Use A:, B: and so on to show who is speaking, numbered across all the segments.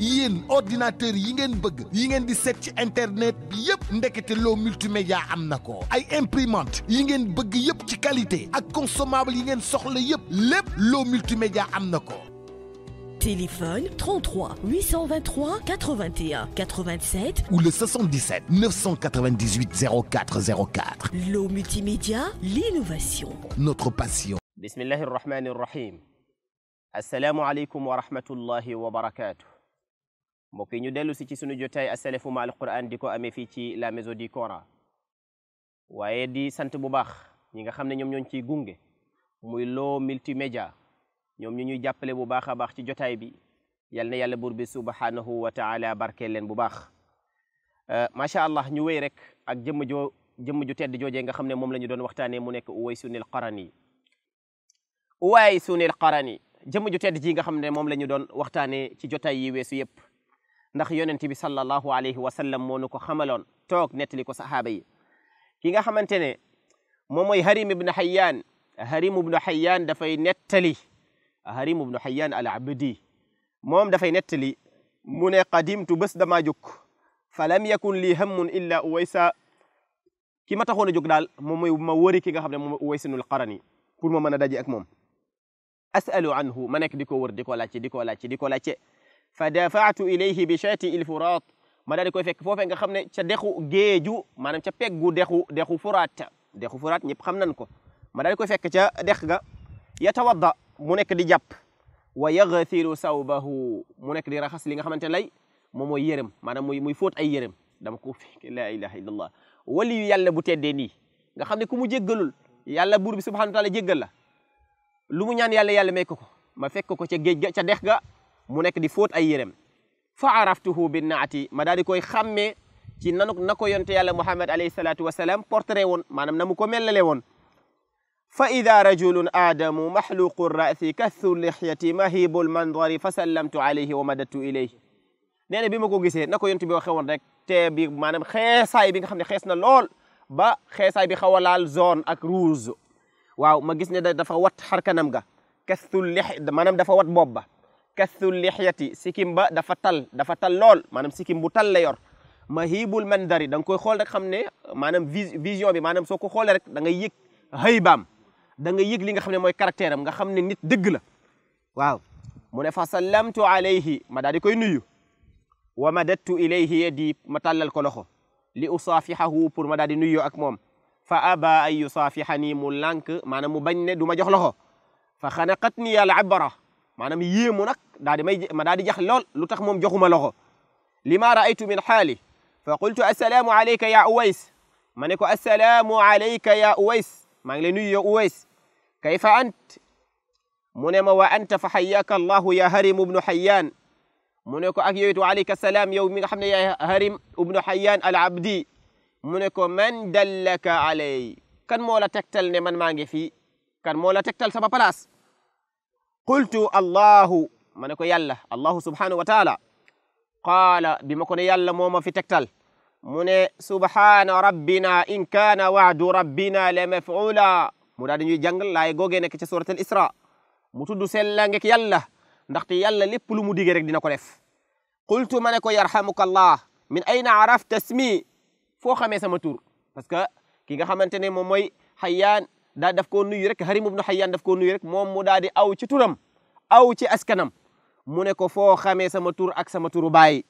A: yéen ordinateur yi ngeen bëgg yi ngeen di un internet bi yépp ndekete loo multimédia am na ko ay imprimante yi ngeen bëgg yépp ci qualité ak consommable yi ngeen soxla yépp lépp loo multimédia am Téléphone 33 823 81 87 ou le 77 998 0404. L'eau multimédia, l'innovation. Notre passion. Bismillahir Rahmanir Rahim. Assalamu alaikum wa rahmatullahi wa barakatuh. mbokki ñu dellu si ci sunu jotay aselefuma alquran di ko amee fii ci la maison du cora waaye di sant bu baax ñi nga xam ne ñoom ñoo ci gunge muy loo multimédia ñoom ñu ñuy jàppale bu baax a baax ci jotaay bi yal na yàlla bur bi subhanahu wa taala barkeel leen bu baax euh, macha allah ñu wéy rek ak jëmm joo jëmm ju tedd joojee nga xam ne moom la ñu doon waxtaanee mu nekk uway sunil qaran yi uway sunil qaran yi jëmm ju tedd ji nga xam ne moom la ñu doon waxtaanee ci jotaay yi weesu yépp ndax yonent bi sallallahu alayhi wa sallam moo nu ko xamaloon toog nettali ko sahaaba yi ki nga xamante ne moom mooy harim ibnu hayyan harim ibnu hayyan dafay nettali harim ibnu hayyan al abdi moom dafay nettali mu ne qadimtu bés damaa jóg fa lam yakun lii hammun illa uwaysa ki ma taxoon a jóg daal moom mooy ma wëri ki nga xam ne moom mooy uwaysinul qarani pour ma mën a daje ak moom asalu anhu ma di ko wër ko laajte di ko laajte fa dafa'tu ilayhi bi shati ilfuraat ma daal di koy fekk foofee nga xam ne ca dexu géeju maanaam ca peggu dexu dexu furaat dexu furaat ñëpp xam nañ ko ma daal di koy fekk ca dex ga yatawadda mu nekk di jàpp wa yaghsilu sawbahu mu nekk di raxas li nga xamante lay moom mooy yërëm maanaam muy muy fóot ay yërëm dama ko fekk la ilaha illallah waliyu yàlla bu teddee nii nga xam ne ku mu jéggalul yàlla buur bi subhanahu wa taala jéggal la lu mu ñaan yàlla yàlla may ko ko ma fekk ko ca géej ga ca dex ga mu nekk di foot ay yérem fa araftuhu bi naati ma daal di koy xàmmee ci nanu na ko yonte yàlla muhammad alayhi salaatu wasalaam portrait woon maanaam na mu ko mellale woon fa ida rajulun aadamu maxluqu rasi kathu lixyati mahibul mandari fa sallamtu alayhi wa madattu ilayhi nee bi ma ko gisee na ko yonte bi waxee woon rek te bi maanaam xeesaay bi nga xam ne xees na lool ba xeesaay bi xaw a laal zone ak rouge waaw ma gis ne dafa wat xarkanam ga kathul lix maanaam dafa wat bopp ba كثو لحيتي سيكيم با دا فاتال دا فاتال لول مانام سيكيم بو تال ليور ما هيبول مندري دانكو خول رك خامني مانام فيزيون بي مانام سوكو خول رك دا ياك هيبام دا ياك ليغا خامني موي كاركتيرام غا خامني نيت دغ لا واو مون فسلمت عليه ما دادي كوي نويو ومددت اليه يدي متالل كو لخو لي اصافحه بور ما دادي نويو اك موم فابا اي يصافحني مولانك مانام مو باني دوما جخ لخو فخنقتني العبره manam yemu nak daa di may ma daa di jax lol lutax mom joxuma loxo lima raaitu min hali fa qultu assalamu alayka ya uwais maniko assalamu alayka ya uwais mang ngi lay nuyu ya uwais kayfa ant munema wa anta fa hayyaka allah ya harim ibn hayyan muneko ak yoyitu alayka salam yow mi nga xamne ya harim ibn hayyan al abdi muneko man dallaka alay kan mo la tektal ne man mangi fi kan mo la tektal sama place قلت الله ma ne ko yàlla allahu subhanahu wa taala qaala bi ma ko ne yàlla moo ma fi tegtal mu ne subhaana rabbina in kaana waadu rabbina la mafula mu daa dañuy jàngal isra mu tudd sellangeek yàlla ndaxte yàlla lépp lu mu digee rek dina ko def qultu ma ne allah min ayna arafta tasmi foo xamee sama tur parce que ki nga xamante ne moom mooy da daf ko nuyu rek Harim ibn Hayyan daf ko nuyu rek mom mu daal aw ci turam aw ci askanam muné ko fo xamé sama tour ak sama turu baye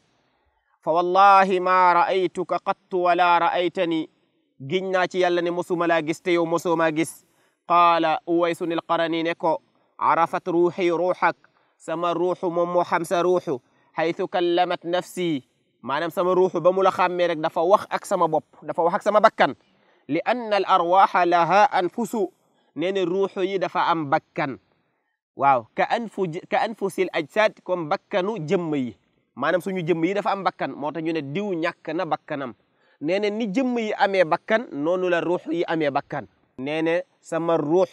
A: fa wallahi ma ra'aytuka qatt wa la ra'aytani giñna ci yàlla ne musuma la gis te yow musuma gis qala uwaysun alqarani ne ko arafat ruhi ruhak sama ruhu mom mo xam sa ruhu haythu kallamat nafsi manam sama ruhu bamula xamé rek dafa wax ak sama bop dafa wax ak sama bakkan لأن الأرواح لها أنفس نين الروح يدفع أم بكن واو كأنف كأنفس الأجساد كم بكنو جمي ما نم سنو جمي دفع أم بكن ما تنجون ديو نكنا بكنم نين نجمي أمي بكن نونو الروح ي أمي نين سما الروح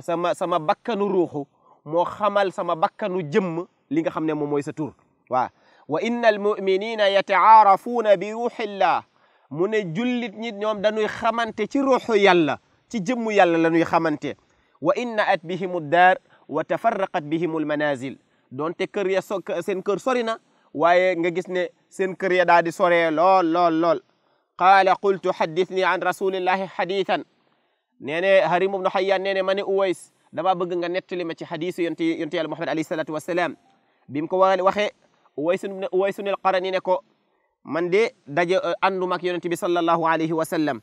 A: سما سما بكنو روحو مو خمل سما بكنو جم لينك خمنا مو مويسة واو وإن المؤمنين يتعارفون بروح الله mune julit nit ñom dañuy xamante ci ruuhu yàlla ci jëmmu yàlla lañuy xamante wa inna at bihim ad-dar wa tafarraqat bihim al-manazil donte kër ya sok sen kër sorina waye nga gis ne sen kër ya daldi soré lol lol lol qala qultu hadithni an rasulillah hadithan nene harim ibn hayyan nene mané ma uways dama bëgg nga netti ma ci hadith yonti yonti yàlla muhammad alayhi salatu wasalaam bi mu ko waxee uwaysun uwaysun al qarani ne ko man de daje euh, ànduma ak yonent bi sallallahu alayhi wa sallam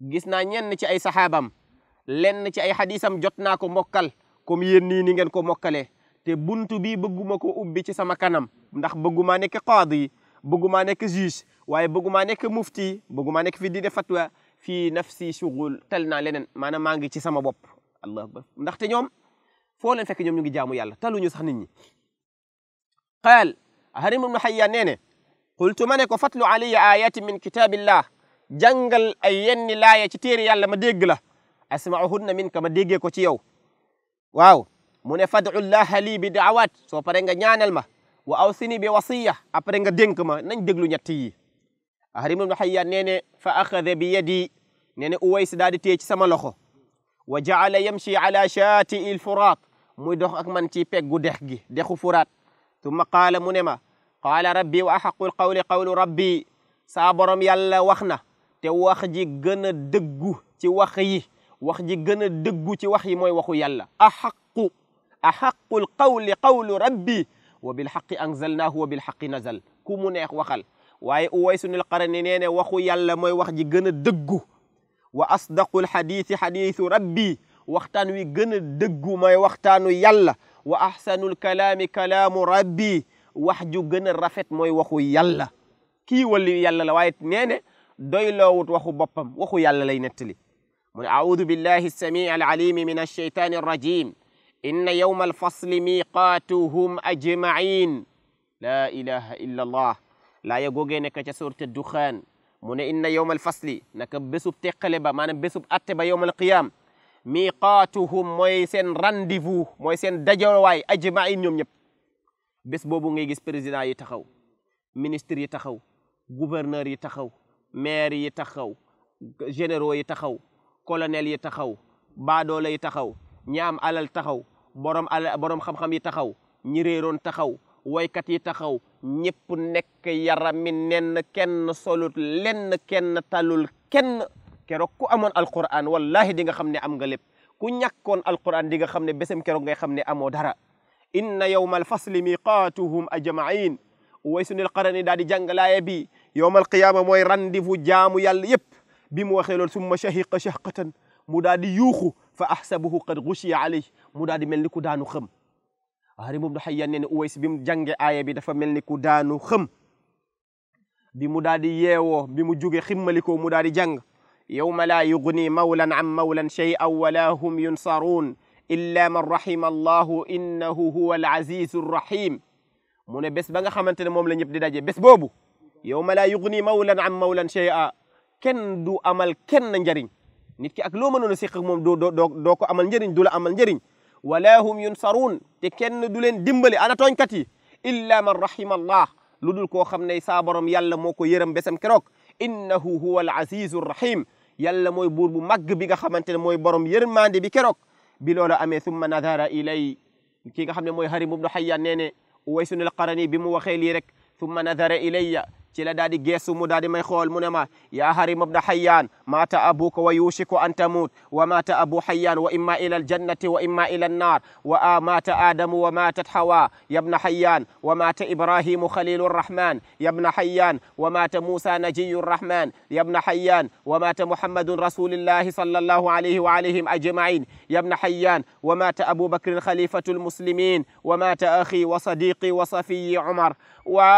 A: gis naa ñenn ci ay saxaabam lenn ci ay xadisam jot naa ko mokkal comme yéen nii ni ngeen ko mokkalee te buntu bi bëgguma ko ubbi ci sama kanam ndax bëggumaa nekk qaadi bëggumaa nekk juge waaye bëggumaa nekk mufti bëggumaa nekk fi di def fatwa fii nafsi shughul tel na leneen maanaam maa ngi ci sama bopp allah ndaxte ñoom foo leen fekk ñoom ñu ngi jaamu yàlla taluñu sax nit ñi qaal harim ibnu xayyan nee qultu ma ne ko fatlu alayya ayatin min kitabillah jàngal ay yenni laaya ci téere yàlla ma dégg la asma'uhunna minka ma déggee ko ci yow waaw mu ne fad'ullaha lii bi da'awat soo pare nga ñaanal ma wa awsini bi wasiya après nga dénk ma nañ déglu ñett yi ahrim ibnu hayyan nee ne fa axada bi yadi nee ne uways daal di téye ci sama loxo wa jaala yamshi ala shaati il furaat muy dox ak man ci peggu dex gi dexu furaat tumma qaala mu ne ma قال ربي وأحق القول قول ربي صابرم يلا وخنا تي واخ جي گنا دغو تي واخ يي واخ جي گنا دغو تي واخ يي موي واخو يلا احق احق القول قول ربي وبالحق انزلناه وبالحق نزل كومو نيخ وخال واي ويسن القرن نينه واخو يلا موي واخ جي گنا دغو واصدق الحديث حديث ربي واختان وي گنا دغو موي واختانو يلا واحسن الكلام كلام ربي wax ju gën rafet mooy waxu yàlla kii wali yàlla la waaye nee ne doy loowut waxu boppam waxu yàlla lay nettali mu ne audu billahi alsamii alalimi min alcheytaani arrajim inna yawma alfasli miqaatuhum ajmain la ilaha illa allah laa ya googee nekk ca suurte duxaan mu ne inna yawma alfasli naka bésub teqale ba maanaam bésub atte ba yawma alqiyam miqaatuhum mooy seen rendez-vous mooy seen dajawaay ajmain ñoom bés bobu ngay gis président yi taxaw ministre yi taxaw gouverneur yi taxaw maire yi taxaw généraux yi taxaw colonel yi taxaw baadoolo yi taxaw ñam alal taxaw borom alal borom xam-xam yi taxaw ñi reeron taxaw kat yi taxaw ñëpp nekk yarami nenn kenn solut len kenn talul kenn kero ku amoon alquran wallahi di nga xamne am nga lépp ku ñakkon alquran di nga xamne besem kero ngay xam dara inna yawmal fasli miqaatuhum ajmain Uwaysul Qarni daal di jàng laaya bi yawmal qiyaama mooy rendez-vous jaamu yàlla yëpp bi mu waxee loolu summa shahiqa shahqatan mu daal di yuuxu fa ahsabuhu qad ghushiya alayh mu daal di mel ni ku daanu xëm Harim ibnu Hayyan nee ne Uways bi mu jànge aaya bi dafa mel ni ku daanu xëm bi mu daal di yeewoo bi mu jóge ximmalikoo mu daal di jàng yawma laa yughni mawlan an mawlan shay'an wa laa hum yunsaruun illa man rahima allahu innahu huwa al azizu rahim mu ne bés ba nga xamante ne moom la ñëpp di daje bés boobu yow ma laa yugni mawlan am mawlan shay'a kenn du amal kenn njariñ nit ki ak loo mënoon a siq ak moom doo doo doo ko amal njëriñ du la amal njëriñ wala hum yunsaruun te kenn du leen dimbali ana tooñkat yi illa man rahima allah lu dul koo xam ne saa borom yàlla moo ko yërëm besam keroog innahu huwa al azizu rahim yàlla mooy buur bu màgg bi nga xamante ne mooy borom yërmande bi keroog بلولا أمي ثم نظر إلي كي خامني موي هاري مبن حيان نيني ويسن القرني بمو وخيلي رك ثم نظر إلي ci la daal gesu mu daal may xol munema ya harim ibn hayyan mata abuka wa yushiku an tamut wa mata abu hayyan wa imma ila al jannati wa imma ila nar wa mata adam wa maatat hawa ya ibn hayyan wa mata maata ibrahimu khalilu ya ibn hayyan wa mata musa najiyu ya ibn hayyan wa maata muhammadun rasulillahi sallallahu alayhi wa alayhim ajmain yabna xayaan wa maata abu bakrin khalifatu lmuslimin wa maata axi wa sadiqi wa safiyi umar wa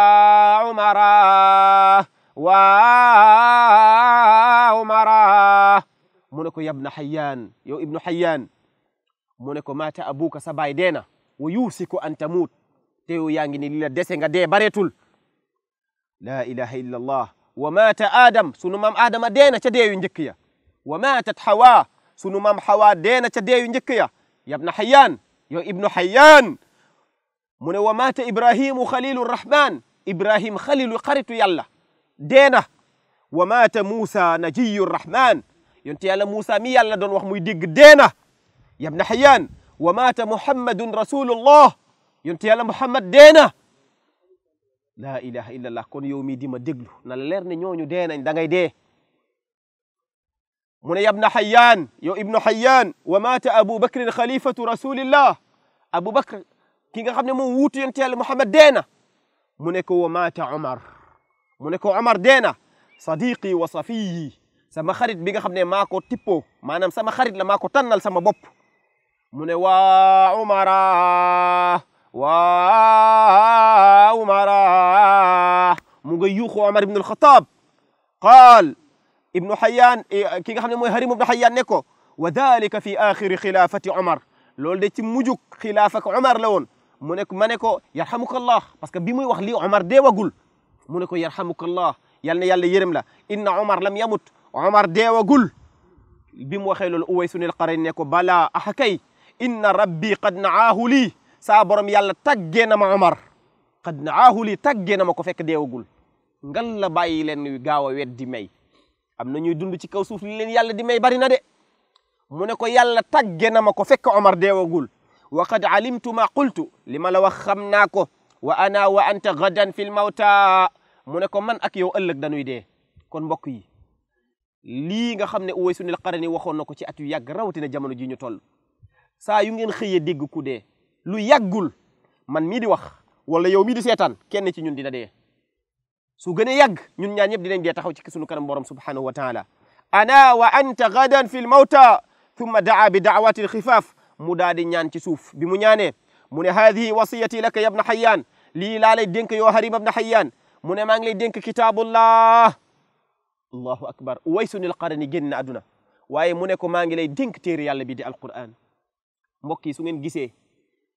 A: umara وعمر مونيكو يا ابن حيان يو ابن حيان مونيكو مات ابوك سباي دينا ويوسكو ان تموت تيو يانغي ني لا ديسنغا دي باريتول لا اله الا الله ومات ادم سنمام ادم دينا تشا ديو نجكيا وماتت حواء سنمام حواء دينا تشا ديو نجكيا يا ابن حيان يو ابن حيان من ومات ابراهيم خليل الرحمن ibrahima khalilu xaritu yàlla dee na wa maata moussa najiyu rahman yonte yàlla moussa mi yàlla doon wax muy dégg dee na yabna xayaan wa maata muhammadun rasulullah yonte yàlla muhammad dee na laa ilaha illa allah kon yow mii di ma déglu na la leer ne ñooñu dee nañ da ngay dee mu ne yabna xayaan yow ibnu xayaan wa maata abu bakrin xalifatu rasulillah abu bakr ki nga xam ne moom wuutu yonte yàlla muhammad dee na منكو ومات عمر منكو عمر دينا صديقي وصفيي سما خريت بيغا خبني ماكو تيبو مانام سما خريت لما ماكو تنال سما بوب من وا عمر وا عمر مغيوخ عمر بن الخطاب قال ابن حيان إيه، كيغا خبني موي هريم بن حيان نيكو وذلك في اخر خلافه عمر لول دي تي موجوك خلافه عمر لون mu maneko ma ne ko yarhamukallah parce que bi muy wax lii Omar deewagul mu ne ko yarhamukallah yal yàlla yërëm la inna Omar lam yamut Omar deewagul bi mu waxee loolu Uways al Qarni ne ko inna rabbi qad naahu lii saa borom yàlla taggee ma Omar qad naahu lii taggee na ma ko fekk deewagul ngal la bàyyi leen gaaw weddi may am ñuy dund ci kaw suuf li leen yàlla di may bari na de mu yàlla taggee na ma ko fekk Omar deewagul وقد علمت ما قلت لما لو خمناكو وانا وانت غدا في الموتى مونيكو من اك يو الك دانوي دي كون بوكي ليغا خامني اوي سوني القرني واخون نكو سي اتو ياغ راوتينا جامونو جي ني تول سا يوغين خيي ديغ كو دي لو ياغول مان مي دي واخ ولا يو مي دي سيتان كين سي نون دينا دي سو غني ياغ نون نيا نيب دي نين تاخو سي سونو كانم بوروم سبحانه وتعالى انا وانت غدا في الموتى ثم دعا بدعوات الخفاف mu daal di ñaan ci suuf bi mu ñaanee mu ne haadihi wasiyati laka ya bna xayaan lii laa lay dénk yoo harim bna xayaan mu ne maa ngi lay dénk kitaabullah allahu akbar waysun alqarani génn na aduna waaye mu ne ko maa ngi lay dénk téere yàlla bi di alquran mbokk yi su ngeen gisee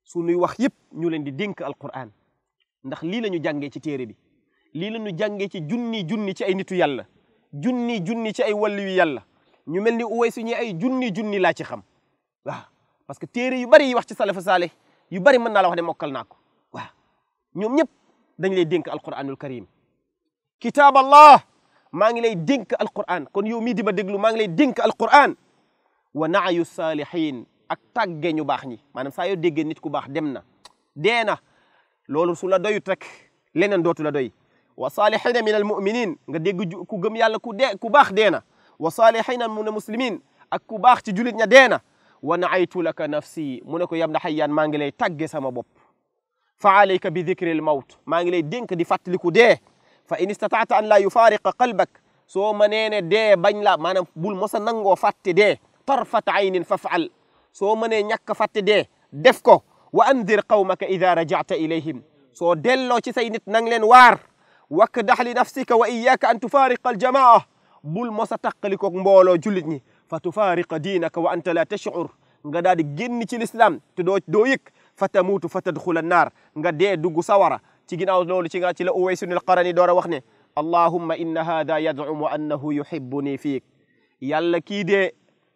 A: sunuy wax yëpp ñu leen di dénk alquran ndax lii la ñu jàngee ci téere bi lii la ñu jàngee ci junni junni ci ay nitu yàlla junni junni ci ay wàllu yu yàlla ñu mel ni uway suñu ay junni junni laa ci xam parce que téré yu bari wax ci salafu salih yu bari man na la wax ne mokal nako wa ñom ñep dañ lay dénk alquranul karim kitab allah ma ngi lay dénk alquran kon yow mi di ma déglu ma ngi lay dénk alquran wa na'yu salihin ak tàgge ñu bax ñi manam sa yo degge nit ku bax dem na dee na su la doyut rek lenen dotu la doy wa salihin min almuminin nga dégg ku gëm yàlla ku de ku bax deena wa salihin min almuslimin ak ku bax ci julit ña deena wa naaytu laka nafsi mu ne ko yab na xayyaan maa ngi lay tàgge sama bopp fa alayka bi dicri l mawt maa ngi lay dénk di fàttaliku dee fa in istataata an laa yufaariqa qalbak soo mënee ne dee bañ la maanaam bul mosa nangoo fàtte dee tarfat aynin fafaal soo mënee ñàkk fàtte dee def ko wa andir qawmaka ida rajacta ilayhim soo delloo ci say nit nang leen waar wakk dax li nafsika wa iyaaka an tufaariqa aljamaa bul mosa taqalikoog mbooloo jullit ñi فتفارق دينك وأنت لا تشعر nga daal di génn ci l'islam te doo doo yëg fa tamuutu fa tadxula nga dee dugg sawara ci ginnaaw loolu ci nga ci la uwaysunil qarani door a wax ne allahumma inna hada yazumu annahu yuhibbuni fiik yàlla kii dee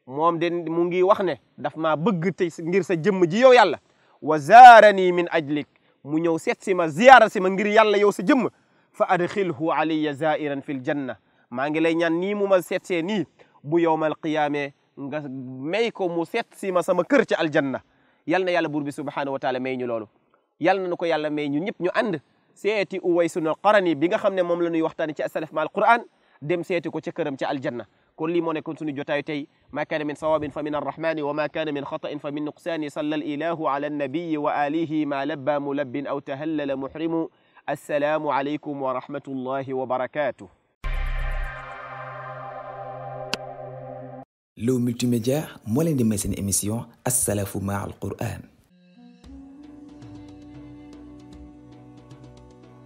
A: moom de mu ngi wax ne daf maa bëgg te ngir sa jëmm ji yow yàlla wa zaarani min ajlik mu ñëw seet si ma ziyaara si ma ngir yàlla yow sa jëmm fa adxilhu alayya zairan fi l janna maa ngi lay ñaan nii mu ma seetsee nii bu yowmal qiyaamee nga may ko mu seet si ma sama kër ci aljanna yal yàlla buur bi subhanahu wa taala may ñu loolu yal na yàlla may ñu ñëpp ñu ànd seeti uway sunu qarani bi nga xam ne moom la ñuy waxtaane ci asalaf ma al quran dem seeti ko ci këram ci aljanna kon lii moo nekkoon sunu jotaayu tey ma kaana min sawabin fa min arrahmani wa ma kaana min xata'in fa min nuqsaani salla al ilahu ala annabiyi wa alihi ma labba mulabbin aw tahallala muhrimu assalaamu alaykum wa rahmatullahi wa barakatuh L'eau multimédia moi l'un émission à Qur'an.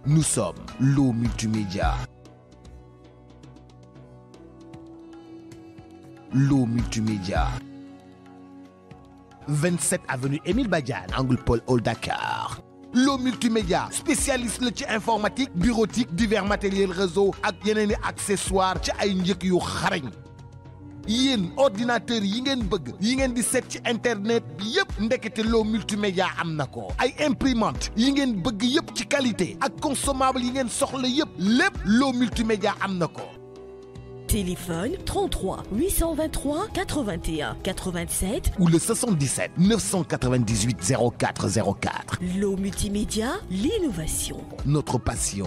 A: Nous sommes l'eau multimédia. L'eau multimédia. 27 avenue Émile Badiane angle Paul Oldakar. Dakar. L'eau multimédia spécialiste de informatique bureautique divers matériels réseau et accessoires, accessoires yéen ordinateur yi ngeen bëgg yi ngeen di internet bi yëpp ndekete loo multimédia am na ko ay imprimante yi ngeen bëgg yépp ci qualité ak consommable yi ngeen soxla yépp lépp loo multimédia am Téléphone 33 823 81 87 ou le 77 998 0404. L'eau multimédia, l'innovation. Notre passion.